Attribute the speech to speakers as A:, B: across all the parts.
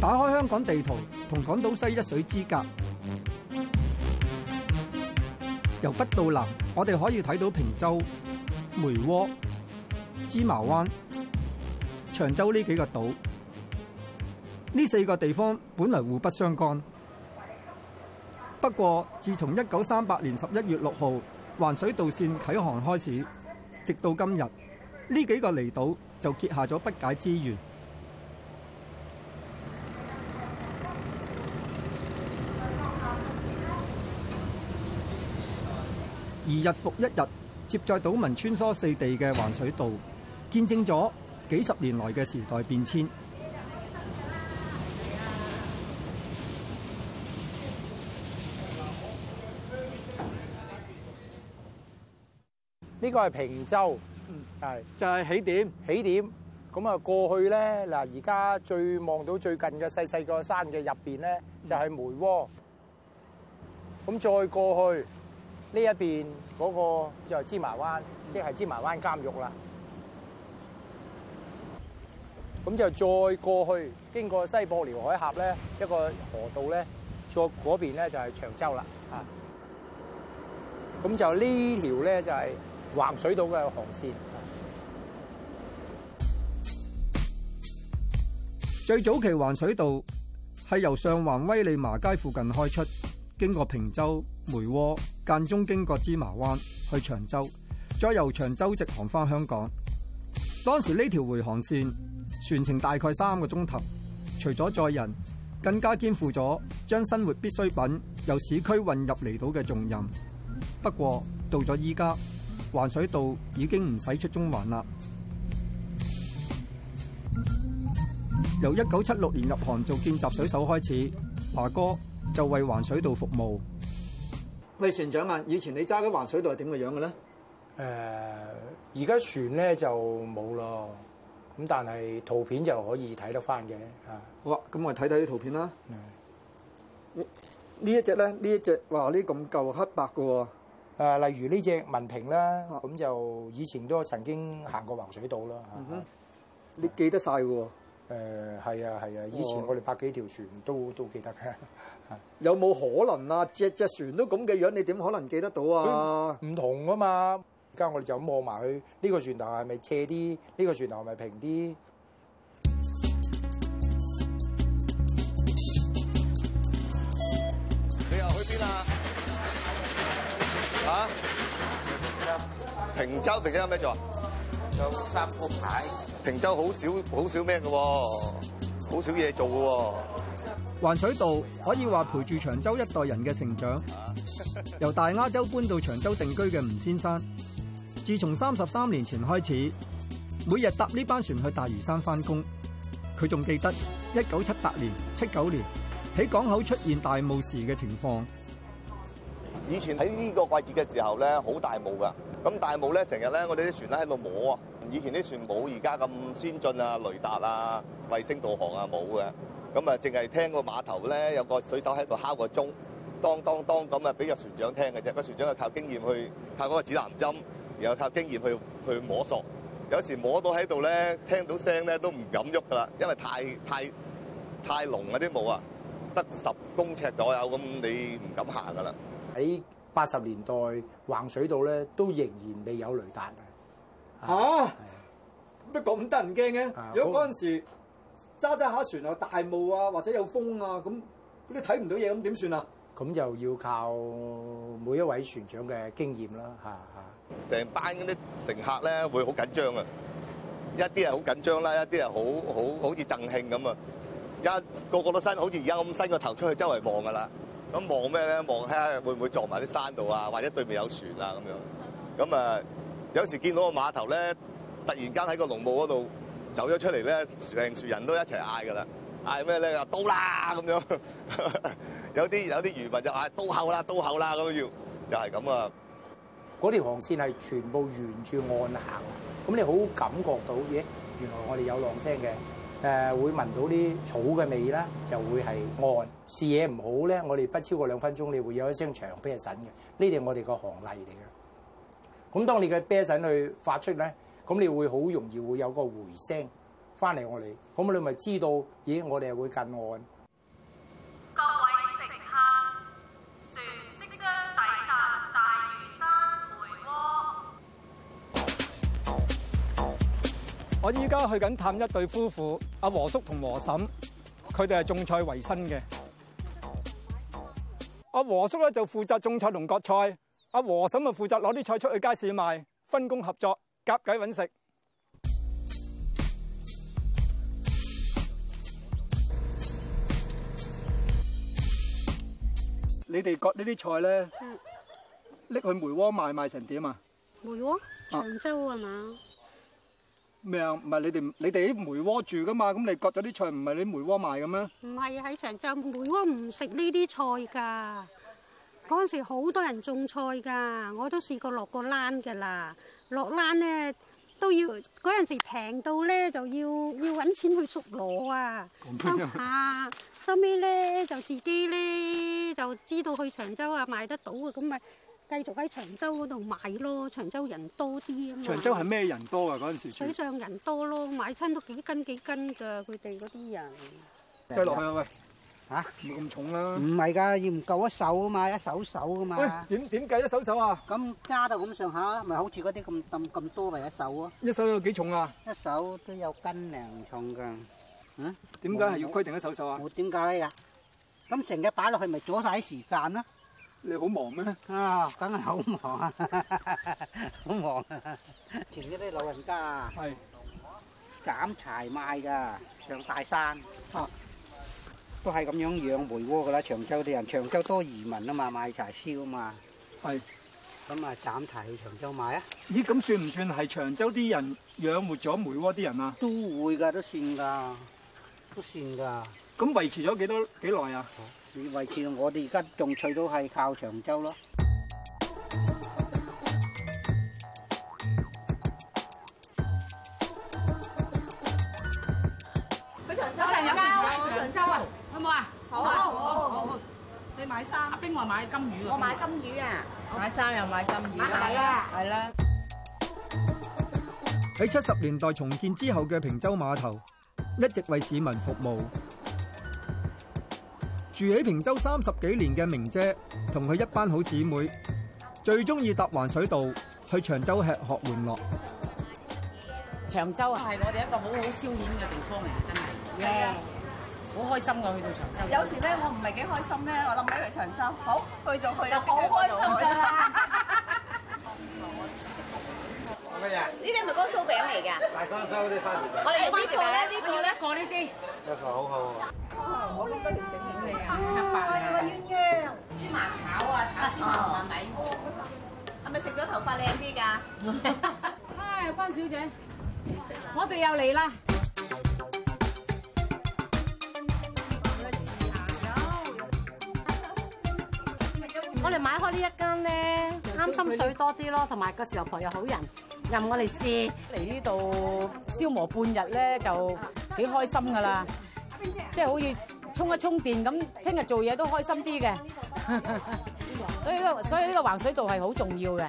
A: 打開香港地圖，同港島西一水之隔。由北到南，我哋可以睇到坪洲、梅窩、芝麻灣、長洲呢幾個島。呢四個地方本來互不相干，不過自從一九三八年十一月六號橫水渡線啟航開始，直到今日，呢幾個離島就結下咗不解之緣。而日復一日，接載島民穿梭四地嘅橫水渡，見證咗幾十年來嘅時代變遷。
B: 呢個係坪洲，嗯，係就係起點，起點。咁啊，過去咧，嗱，而家最望到最近嘅細細個山嘅入邊咧，就係梅窩。咁再過去。呢一邊嗰個就係芝麻灣，即係芝麻灣監獄啦。咁就再過去，經過西博寮海峽咧，一個河道咧，左嗰邊咧就係長洲啦。啊，咁就呢條咧就係橫水渡嘅航線。
A: 最早期橫水渡係由上環威利麻街附近開出，經過坪洲。梅窩間中經過芝麻灣去長洲，再由長洲直航返香港。當時呢條回航線船程大概三個鐘頭，除咗載人，更加肩負咗將生活必需品由市區運入離島嘅重任。不過到咗依家，橫水渡已經唔使出中環啦。由一九七六年入行做見習水手開始，華哥就為橫水渡服務。喂，船長啊，以前你揸緊橫水渡係點嘅樣嘅咧？
B: 誒、呃，而家船咧就冇咯。咁但係圖片就可以睇得翻嘅嚇。好啊，咁我哋睇睇啲圖片啦。呢、嗯、一隻咧，呢一隻，哇！呢咁舊黑白嘅喎、啊呃。例如呢隻文平啦，咁、啊、就以前都曾經行過橫水渡啦。嗯、啊、你記得晒嘅喎？誒、呃，係啊係啊，啊，以前我哋拍幾條船都都記得嘅。有冇可能啊？隻隻船都咁嘅樣，你點可能記得到啊？唔同啊嘛！而家我哋就咁望埋佢，呢個船頭係咪斜啲？呢個船頭係咪平啲？
C: 你又去邊啊？嚇？坪洲，坪洲有咩做啊？有三個牌。坪洲好少好少咩㗎喎？好少嘢做㗎喎？
A: 橫水渡可以話陪住長洲一代人嘅成長，由大亞洲搬到長洲定居嘅吳先生，自從三十三年前開始，每日搭呢班船去大嶼山返工，佢仲記得一九七八年、七九年喺港口出現大霧時嘅情況。
C: 以前喺呢個季節嘅時候咧，好大霧㗎，咁大霧咧，成日咧，我哋啲船咧喺度摸啊。以前啲船冇而家咁先進啊，雷達啊，衛星導航啊，冇嘅。咁啊，淨係聽個碼頭咧有個水手喺度敲個鐘，當當當咁啊，俾個船長聽嘅啫。個船長係靠經驗去靠嗰個指南針，然後靠經驗去去摸索。有時摸到喺度咧，聽到聲咧都唔敢喐噶啦，因為太太太濃嗰啲霧啊，得十公尺左右，咁你唔敢行噶啦。
B: 喺八十年代橫水道咧，都仍然未有雷達啊！
A: 嚇？乜咁得人驚嘅？如果嗰陣時？
B: 揸揸下船啊！大霧啊，或者有風啊，咁嗰啲睇唔到嘢，咁點算啊？咁又要靠每一位船長嘅經驗啦，嚇嚇。
C: 成班嗰啲乘客咧會好緊張啊！一啲係好緊張啦，一啲係好好好似贈興咁啊！一個個都伸，好似而家咁伸個頭出去周圍望噶啦。咁望咩咧？望下會唔會撞埋啲山度啊，或者對面有船啊咁樣啊。咁啊，有時見到個碼頭咧，突然間喺個濃霧嗰度。走咗出嚟咧，成樹人都一齊嗌噶啦，嗌咩咧？話刀啦咁樣，有啲有啲漁民就嗌刀口啦，刀口啦咁樣，就係、樣，就係咁啊！嗰條航線係全
B: 部沿住岸行，咁你好感覺到嘅，原來我哋有浪聲嘅，誒、呃、會聞到啲草嘅味啦，就會係岸視野唔好咧，我哋不超過兩分鐘，你會有一聲長啤嬸嘅，呢啲我哋個航例嚟嘅。咁當你嘅啤嬸去發出咧。咁你會好容易會有個回聲翻嚟我哋，咁你咪知道，咦，我哋係會近岸。
D: 各位食客，船即將抵達大嶼山梅窩。
A: 我依家去緊探一對夫婦，阿和叔同和嬸，佢哋係種菜為生嘅。阿和叔咧就負責種菜同割菜，阿和嬸就負責攞啲菜出去街市賣，分工合作。夾鬼揾食，你哋割呢啲菜咧，拎去梅窩賣賣成點啊？
D: 梅窩，長洲係嘛？
A: 咩啊？唔係你哋，你哋喺梅窩住噶嘛？咁你割咗啲菜，唔係你梅窩賣嘅咩？
D: 唔係喺長洲梅窩唔食呢啲菜噶。嗰陣時好多人種菜噶，我都試過落過欄噶啦。落欄咧都要嗰陣時平到咧就要要揾錢去捉螺啊，收收尾咧就自己咧就知道去長洲啊賣得到啊。咁咪繼續喺長洲嗰度賣咯，長洲人多啲啊嘛。長洲係
E: 咩人多啊？嗰陣時
D: 水上人多咯，買親都幾斤幾斤㗎，佢哋嗰啲人。
E: 再落去啊喂！吓，要咁重啦？唔係噶，要唔夠一手啊嘛，一手手啊嘛。喂，點點計一手手啊？咁加到咁上下，咪好似嗰啲咁咁咁多咪一手啊？一手有幾重啊？一手都有斤兩重噶。嗯？點解係要規定一手手啊？冇點解噶？咁成日擺落去，咪阻晒啲時間咯？你好忙咩？啊，梗係好忙啊，好忙啊！成日啲老人家啊，係斬柴賣噶，上大山。都係咁樣養梅窩噶啦，長洲啲人，長洲多移民啊嘛，買柴燒啊嘛。係，咁啊，斬柴去長洲買啊？
A: 咦，咁算唔算係長洲啲人養活咗梅窩啲人啊？都會噶，都算噶，
E: 都算噶。咁維持咗幾多幾耐啊？維、啊、持，我哋而家仲脆都係靠長洲咯。
D: 買衫，阿冰我買金魚咯。我買金魚啊！買衫又買金魚，係啦。喺
A: 七十年代重建之後嘅坪洲碼頭，一直為市民服務。住喺坪洲三十幾年嘅明姐，同佢一班好姊妹，最中意搭橫水渡去長洲吃喝玩樂。
D: 長洲啊，係我哋一個好好消遣嘅地方嚟，真係。係啊。好開心㗎去到長洲。有時咧，我唔係幾開心咧，我諗起去長洲，好去，了去了就去啦，好開心啦。講乜嘢？呢啲係咪乾酥餅嚟㗎？大
E: 乾酥嗰啲番薯餅。我哋有啲個，我要一個呢啲。隻頭
D: 好、哦、好啊！好靚，
E: 跟住醒起你啊，頭
D: 髮靚鴛鴦。芝麻炒啊，炒芝麻糯、哦啊、米，係咪食咗頭髮靚啲㗎？係、 哎，關小姐，我哋又嚟啦。我哋買開呢一間咧，啱心水多啲咯，同埋個時候婆又好人任我哋試，嚟呢度消磨半日咧，就幾開心噶啦，即係好似充一充電咁，聽日做嘢都開心啲嘅。所以呢，所以呢個橫水渡係好重要嘅。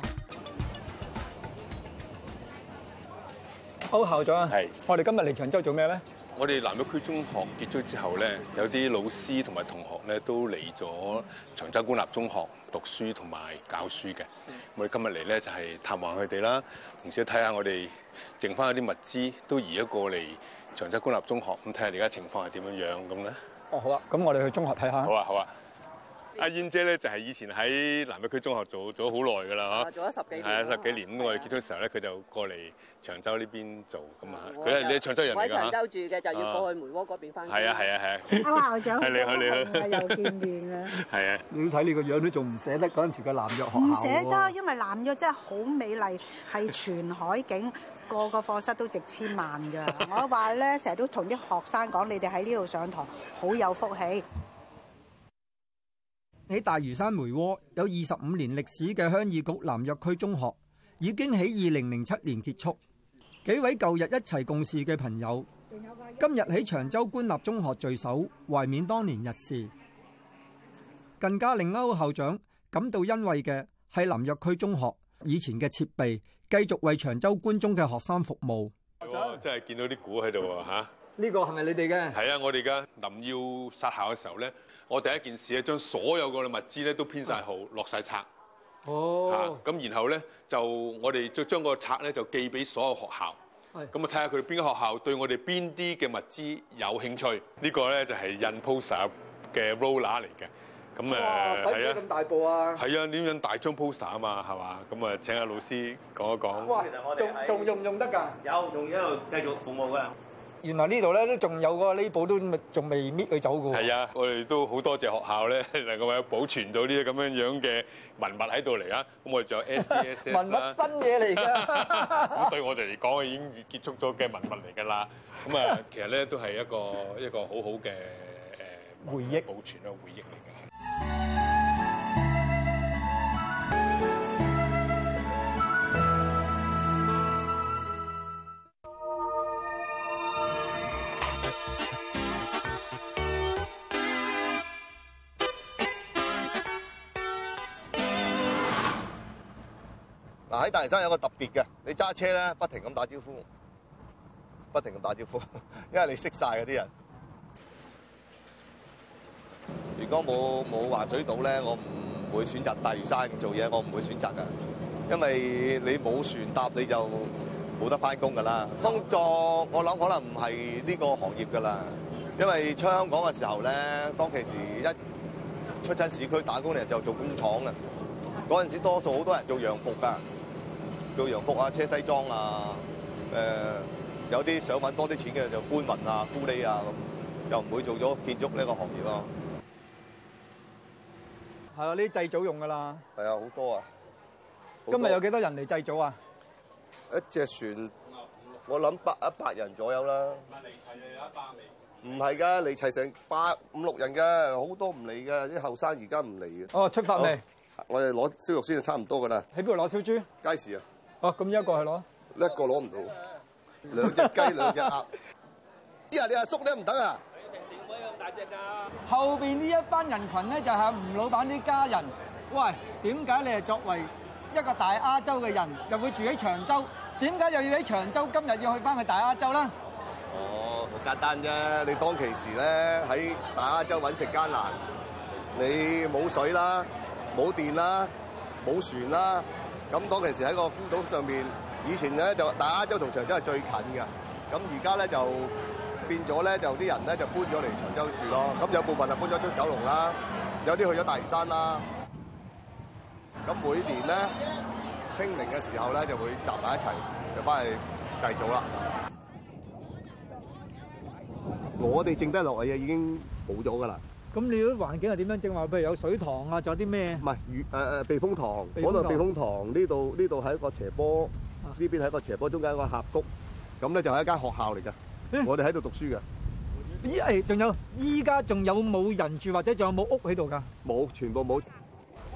A: O 校長，我哋今日嚟長洲做咩咧？
F: 我哋南約區中學結束之後咧，有啲老師同埋同學咧都嚟咗長洲公立中學讀書同埋教書嘅。我哋今日嚟咧就係探望佢哋啦，同時都睇下我哋剩翻嗰啲物資都移咗過嚟長洲公立中學，咁睇下而家情況係點樣樣咁咧。哦，好啊，
A: 咁我哋去中學睇下。
F: 好啊，好啊。阿燕姐咧就係、是、以前喺南約區中學做做咗好耐噶啦，嚇，做咗、啊、十幾年。係啊，十幾年咁、啊、我哋結婚時候咧，佢就過嚟長洲呢邊做，咁啊，佢係啲長洲人嚟㗎。喺長洲住嘅、啊、就
E: 要過去梅窩嗰邊翻工。係
F: 啊係啊係。歐校
E: 長，係你好，你
F: 好，又見面
A: 啦。係啊。你睇你個樣都仲唔捨得嗰陣時嘅南約學校，唔捨得，
D: 因為南約真係好美麗，係全海景，個個課室都值千萬㗎。 我話咧，成日都同啲學生講，你哋喺呢度上堂好有福氣。喺
A: 大嶼山梅窩有二十五年歷史嘅鄉議局南約區中學已經喺二零零七年結束。幾位舊日一齊共事嘅朋友，今日喺長洲官立中學聚首，懷緬當年日事。更加令歐校長感到欣慰嘅，係南約區中學以前嘅設備繼續為長洲官中嘅學生服務。
F: 我真的看到在這裡。真係見到啲鼓喺度吓，呢個係咪你哋嘅？係啊，我哋嘅。家要約殺校嘅時候咧。我第一件事咧，將所有個物資咧都編晒好，落曬冊，咁、哦，然後咧就我哋將將個冊咧就寄俾所有學校，咁啊睇下佢哋邊個學校對我哋邊啲嘅物資有興趣。呢、這個咧就係印 poster 嘅 roller 嚟嘅，咁啊。使唔使咁
A: 大部啊？係
F: 啊，點樣大張 poster 啊嘛，係嘛？咁啊請阿老師講一講。哇！其
A: 實我哋仲仲用唔用得㗎？有，仲一路繼續服務㗎。原來呢度咧都仲有個呢部都仲未搣佢走嘅喎。係啊，
F: 我哋都好多謝學校咧能夠保存到呢啲咁樣樣嘅文物喺度嚟啊。咁我哋仲有 SDS 文物新
A: 嘢嚟㗎。咁 對
F: 我哋嚟講，已經結束咗嘅文物嚟㗎啦。咁啊，其實咧都係一個一個很好好嘅誒回憶，保存嘅回憶嚟㗎。
C: 喺大嶼山有個特別嘅，你揸車咧不停咁打招呼，不停咁打招呼，因為你識晒嗰啲人。如果冇冇橫水渡咧，我唔會選擇大嶼山做嘢，我唔會選擇嘅，因為你冇船搭你就冇得返工噶啦。工作我諗可能唔係呢個行業噶啦，因為出香港嘅時候咧，當其時一出親市區打工嘅人就做工廠啊，嗰陣時多數好多人做洋服噶。做洋服啊，車西裝啊，誒、呃、有啲想搵多啲錢嘅就搬運啊、孤呢啊咁，又唔會做咗建築呢個個行業咯。
A: 係啊，呢啲祭祖用噶啦。
C: 係啊，好多啊。多今日有
A: 幾多人嚟祭祖啊？
C: 一隻船，我諗百一百人左右啦。唔係嚟齊有一百嚟，唔係㗎嚟齊成百五六人㗎，好多唔嚟㗎。啲後生而家唔嚟㗎。哦，出發未，我哋攞燒肉先，就差唔多㗎啦。喺邊度攞燒豬？街市啊。哦，咁一個係攞，一個攞唔到，兩隻雞兩隻鴨。
A: 依家你阿叔咧唔得啊？後邊呢一班人羣咧就係吳老闆啲家人。喂，點解你係作為一個大亞洲嘅人，又會住喺長洲？點解又要喺長洲？今日要去返去大亞洲啦？
C: 哦，好簡單啫。你當其時咧喺大亞洲搵食艱難，你冇水啦，冇電啦，冇船啦。咁當其時喺個孤島上面，以前咧就打洲同長洲係最近嘅，咁而家咧就變咗咧就啲人咧就搬咗嚟長洲住咯，咁有部分就搬咗出九龍啦，有啲去咗大嶼山啦。咁每年咧清明嘅時候咧就會集埋一齊，就翻去祭祖啦。我哋剩低落嚟嘅已經冇咗㗎啦。
A: 咁你嗰啲環境係點樣正話？譬如有水塘啊，仲
C: 有啲咩？唔係，魚誒誒避風塘，嗰度避風塘，呢度呢度係一個斜坡，呢邊係一個斜坡，中間一個峽谷，咁咧就係一間學校嚟嘅，我哋喺度讀書嘅。
A: 依誒，仲有依家仲有冇人住，或者仲有冇屋喺度噶？
C: 冇，全部冇。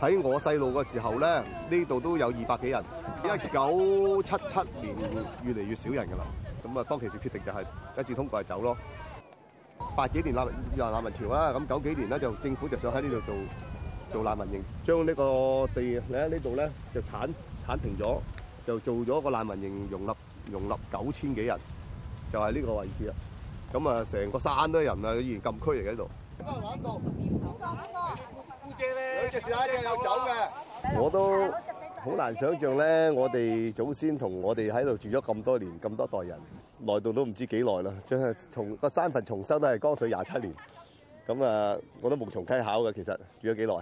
C: 喺我細路嘅時候咧，呢度都有二百幾人。一九七七年越嚟越少人㗎啦，咁啊當其時決定就係，一致通過係走咯。八幾年納難難民潮啦，咁九幾年咧就政府就想喺呢度做做難民營，將呢個地喺呢度咧就剷剷平咗，就做咗個難民營，容納容納九千幾人，就係呢個位置啦。咁啊，成個山都係人啊，以前禁區嚟嘅喺度。邊個攬到？唔好講啦，姑姐咧。有隻蝦，有隻有走嘅。我都。好難想象咧，我哋祖先同我哋喺度住咗咁多年，咁多代人，嚟到都唔知幾耐啦。真係從個山墳重修都係光緒廿七年，咁啊，我都無從稽考嘅。其實住咗幾耐？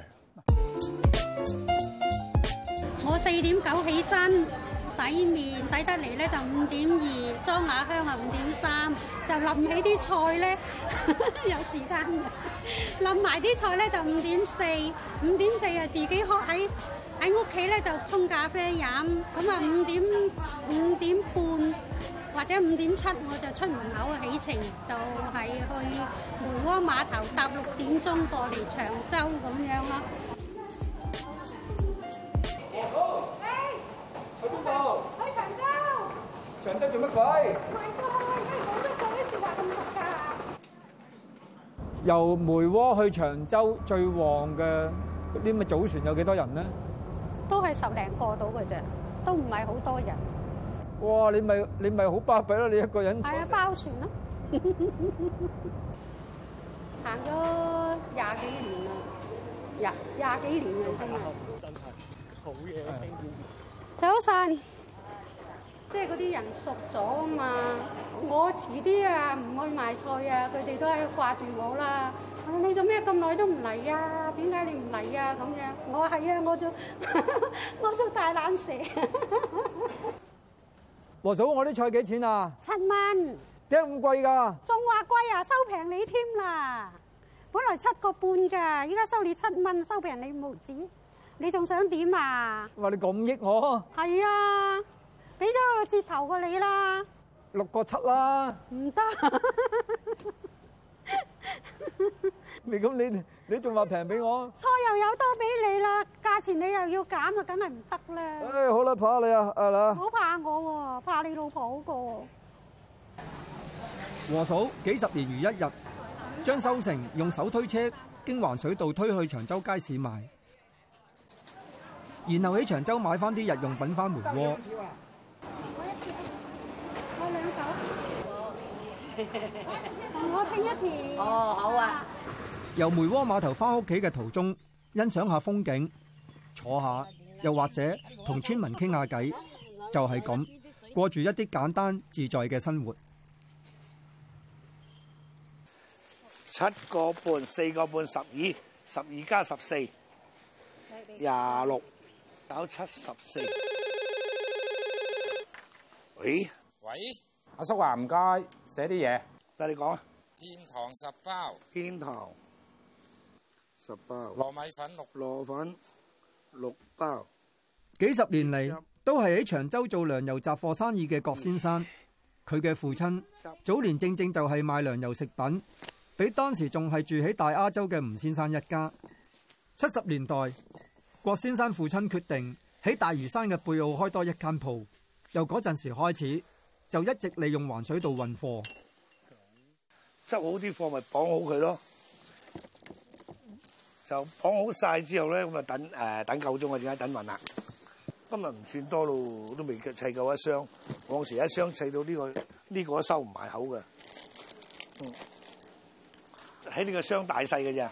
D: 我四點九起身，洗面洗得嚟咧就五點二，裝瓦香啊五點三，就淋起啲菜咧有時間，淋埋啲菜咧就五點四，五點四啊自己學喺。喺屋企咧就沖咖啡飲，咁啊五點五點半或者五點七我就出門口起程，就係去梅窩碼頭搭六點鐘過嚟長洲咁樣咯。一、二，去邊度？去長洲。長洲做乜鬼？為咗去去廣州嗰啲船頭咁密集。
A: 由梅窩去長洲最旺嘅嗰啲咪早船有幾多人咧？
D: 都係十零個到嘅啫，都唔係好多人。
A: 哇！你咪你咪好巴閉咯，你一個人坐。係啊，包
D: 船咯。行咗廿幾年啦，廿廿幾年嘅真係。真係好嘢，經典。早晨。即係嗰啲人熟咗啊嘛！我遲啲啊，唔去賣菜啊，佢哋都係掛住我啦。啊、你做咩咁耐都唔嚟啊？點解你唔嚟啊？咁樣我係啊，我做 我做大懶蛇。
A: 和嫂，我啲菜幾錢啊？七蚊。點解咁貴噶？
D: 仲話貴啊？收平你添啦！本來七個半噶，依家收你七蚊，收平你冇紙，你仲想點啊？
A: 哇！你咁益我？
D: 係啊。俾咗個折頭過你啦，
A: 六個七啦，
D: 唔得。
A: 你咁你你仲話平俾我？
D: 菜又有多俾你啦，價錢你又要減啊，梗係唔得啦。誒，好啦，
A: 怕你啊，阿娜。好
D: 怕我喎，怕你老婆好過。
A: 和嫂幾十年如一日，將收成用手推車經橫水渡推去長洲街市賣，然後喺長洲買翻啲日用品翻梅窩。
D: 我聽一聽哦，好啊。
A: 由梅窩碼頭翻屋企嘅途中，欣賞下風景，坐下，又或者同村民傾下偈，就係咁過住一啲簡單自在嘅生活。
G: 七個半，四個半，十二，十二加十四，廿六，九七十四。喂？喂？阿叔啊，唔該，寫啲嘢。嚟講啊，天堂十包，天堂十包，糯米粉六，糯米粉六包。
A: 幾十年嚟都係喺長洲做糧油雜貨生意嘅郭先生，佢、嗯、嘅父親早年正正就係賣糧油食品，比當時仲係住喺大亞洲嘅吳先生一家。七十年代，郭先生父親決定喺大嶼山嘅貝澳開多一間鋪，由嗰陣時開始。就一直利用橫水渡運貨，
G: 執好啲貨咪綁好佢咯。就綁好晒之後咧，咁啊等誒等夠鐘啊，點解等運啊？今日唔算多咯，都未砌夠一箱。往時一箱砌到呢個呢個都收唔埋口嘅。嗯，喺你個箱大細嘅啫。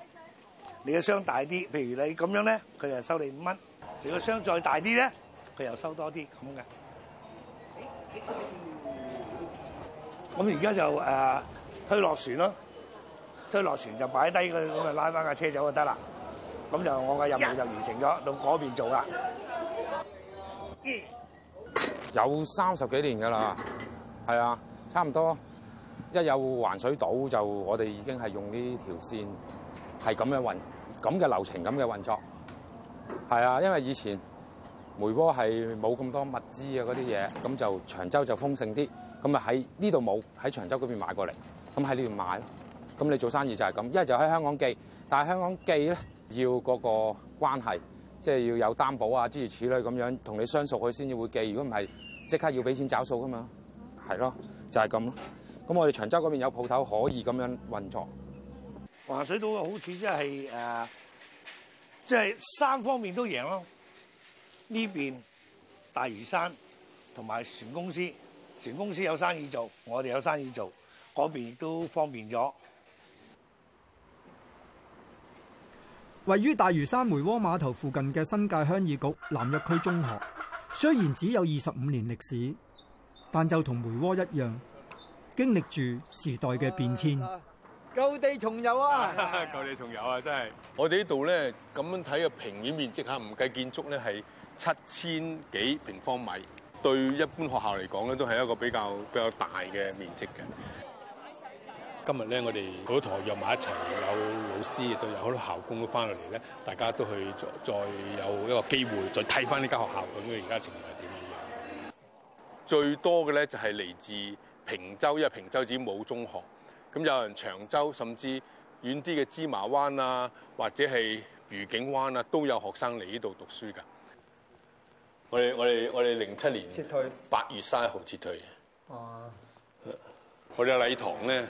G: 你個箱大啲，譬如你咁樣咧，佢就收你五蚊。你個箱再大啲咧，佢又收多啲咁嘅。咁而家就誒推落船咯，推落船就擺低佢咁啊，拉翻架車走就得啦。咁就我嘅任務就完成咗，到嗰邊做啦。有
F: 三十幾年㗎喇，係啊，差唔多。一有橫水渡就我哋已經係用呢條線係咁樣的運，咁嘅流程咁嘅運作。係啊，因為以前梅窩係冇咁多物資啊嗰啲嘢，咁就長洲就豐盛啲。咁咪喺呢度冇喺長洲嗰邊買過嚟，咁喺呢度買咯。咁你做生意就係咁，一係就喺香港寄，但係香港寄咧要嗰個關係，即係要有擔保啊諸如此類咁樣，同你相熟佢先至會寄。如果唔係，即刻要俾錢找數噶嘛。係咯，就係咁。咁我哋長洲嗰邊有鋪頭可以咁樣
G: 運作。橫水渡嘅好處即係誒，即係三方面都贏咯。呢邊大嶼山同埋船公司。全公司有生意做，我哋有生意做，嗰邊亦都方便咗。
A: 位於大嶼山梅窩碼頭附近嘅新界鄉議局南約區中學雖然只有二十五年歷史，但就同梅窩一樣經歷住時代嘅變遷，
F: 舊、哎、地重遊啊！舊地重遊啊！真係、哎啊，我哋呢度咧咁樣睇嘅平面面積嚇，唔計建築咧係七千幾平方米。對一般學校嚟講咧，都係一個比較比較大嘅面積嘅。今日咧，我哋嗰台約埋一齊，有老師亦都有好多校工都翻落嚟咧，大家都去再再有一個機會，再睇翻呢間學校咁嘅。而家情況係點樣？最多嘅咧就係嚟自坪洲，因為坪洲只冇中學。咁有人長洲，甚至遠啲嘅芝麻灣啊，或者係愉景灣啊，都有學生嚟呢度讀書㗎。我哋我哋我哋零七年八月三十一號撤退嘅。啊。我哋禮堂咧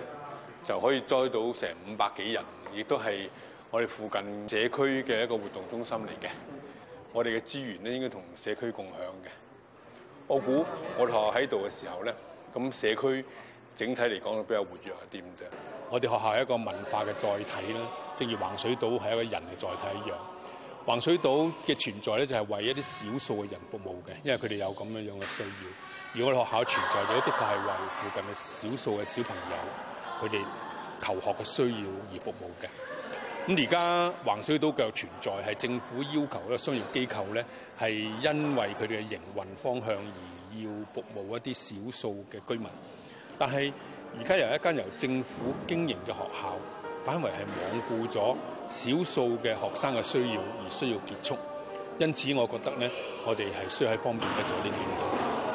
F: 就可以載到成五百幾人，亦都係我哋附近社區嘅一個活動中心嚟嘅。我哋嘅資源咧應該同社區共享嘅。我估我哋學校喺度嘅時候咧，咁社區整體嚟講，都比較活躍一啲咁滯。我哋學校係一個文化嘅載體啦，正如橫水島，係一個人嘅載體一樣。橫水渡嘅存在咧，就係為一啲少數嘅人服務嘅，因為佢哋有咁樣樣嘅需要。而我哋學校存在咗，就的確係為附近嘅少數嘅小朋友，佢哋求學嘅需要而服務嘅。咁而家橫水渡嘅存在，係政府要求一個商業機構咧，係因為佢哋嘅營運方向而要服務一啲少數嘅居民。但係而家有一間由政府經營嘅學校。反為係罔顧咗少數嘅學生嘅需要而需要結束，因此我覺得咧，我哋係需要喺方面咧做啲檢討。